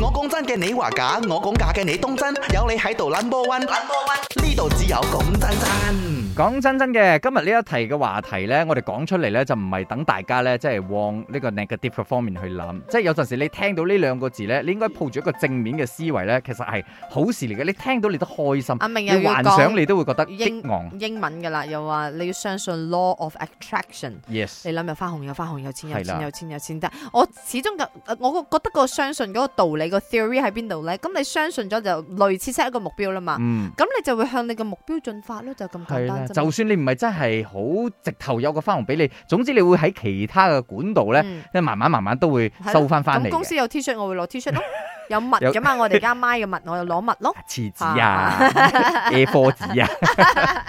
我講真嘅，你話假；我講假嘅，你當真，你真。有你喺度 number one，number one 呢度，只有講真真。講真真嘅，今日呢一題嘅話題咧，我哋講出嚟咧，就唔係等大家咧，即係往呢個 negative 方面去諗。即係有陣時你聽到呢兩個字咧，你應該抱住一個正面嘅思維咧，其實係好事嚟嘅。你聽到你都開心。明日要幻想你都會覺得激昂。英。英文噶啦，又話你要相信 law of attraction。Yes。你諗又發紅，又發紅，有錢，有錢，有錢，有錢。但我始終嘅，我覺得個相信嗰個道理。個 theory 喺邊度咧？咁你相信咗就類似 set 一個目標啦嘛。咁、嗯、你就會向你嘅目標進發咯，就咁簡單。就算你唔係真係好直頭有個花紅俾你，總之你會喺其他嘅管道咧，即係、嗯、慢慢慢慢都會收翻翻嚟。公司有 T 恤，shirt, 我會攞 T 恤咯。 有物噶嘛？有 我哋而家買嘅物，我就攞物咯。廁紙啊？A 波子啊？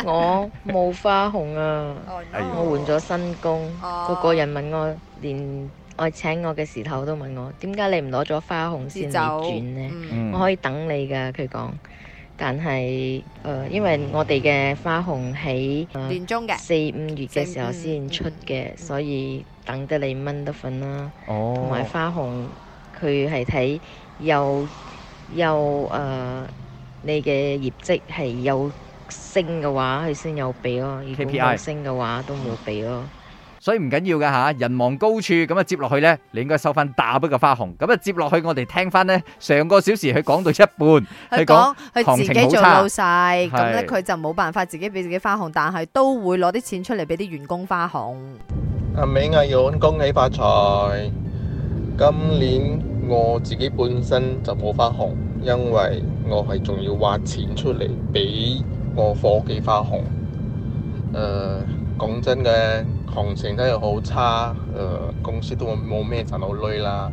我冇花紅啊！Oh, no. 我換咗新工，個、oh. 個人問我連。我請我嘅時候都問我，點解你唔攞咗花紅先嚟轉呢？嗯、我可以等你㗎，佢講。但係誒、呃，因為我哋嘅花紅喺四五月嘅時候先出嘅，所以等你得你蚊都瞓啦。同埋、哦、花紅佢係睇有有誒、呃，你嘅業績係有升嘅話，佢先有俾咯、啊；如果冇升嘅話，都冇俾咯。所以唔緊要嘅吓，人望高處咁啊，接落去咧，你應該收翻大筆嘅花紅。咁啊，接落去我哋聽翻咧，上個小時佢講到一半，佢講佢自己做老細，咁咧佢就冇辦法自己俾自己花紅，但係都會攞啲錢出嚟，俾啲員工花紅。阿美藝員恭喜發財！今年我自己本身就冇花紅，因為我係仲要挖錢出嚟俾我伙計花紅。誒。講真嘅行情真係好差，誒、呃，公司都冇咩賺到鐳啦。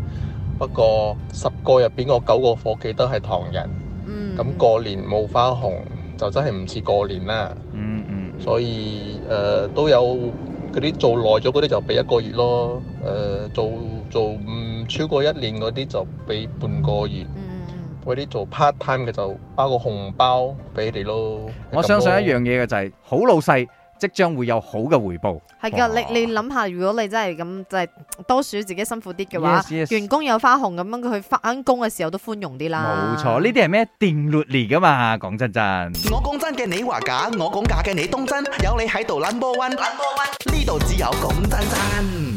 不過十個入邊我九個伙計都係唐人，咁過年冇花紅就真係唔似過年啦。嗯嗯，嗯嗯所以誒、呃、都有嗰啲做耐咗嗰啲就俾一個月咯，誒、呃、做做唔超過一年嗰啲就俾半個月，嗰啲、嗯嗯、做 part time 嘅就包個紅包俾你哋咯。我相信一樣嘢嘅就係、是、好老細。即將會有好嘅回報，係噶的哇。你你諗下，如果你真係咁，就係、是、多數自己辛苦啲嘅話，yes, yes. 員工有花紅，咁樣佢翻工嘅時候都寬容啲啦。冇錯，呢啲係咩定律嚟噶嘛？講真真，我講真嘅你話假，我講假嘅你當真。有你喺度 number one，number one，呢度只有咁真真。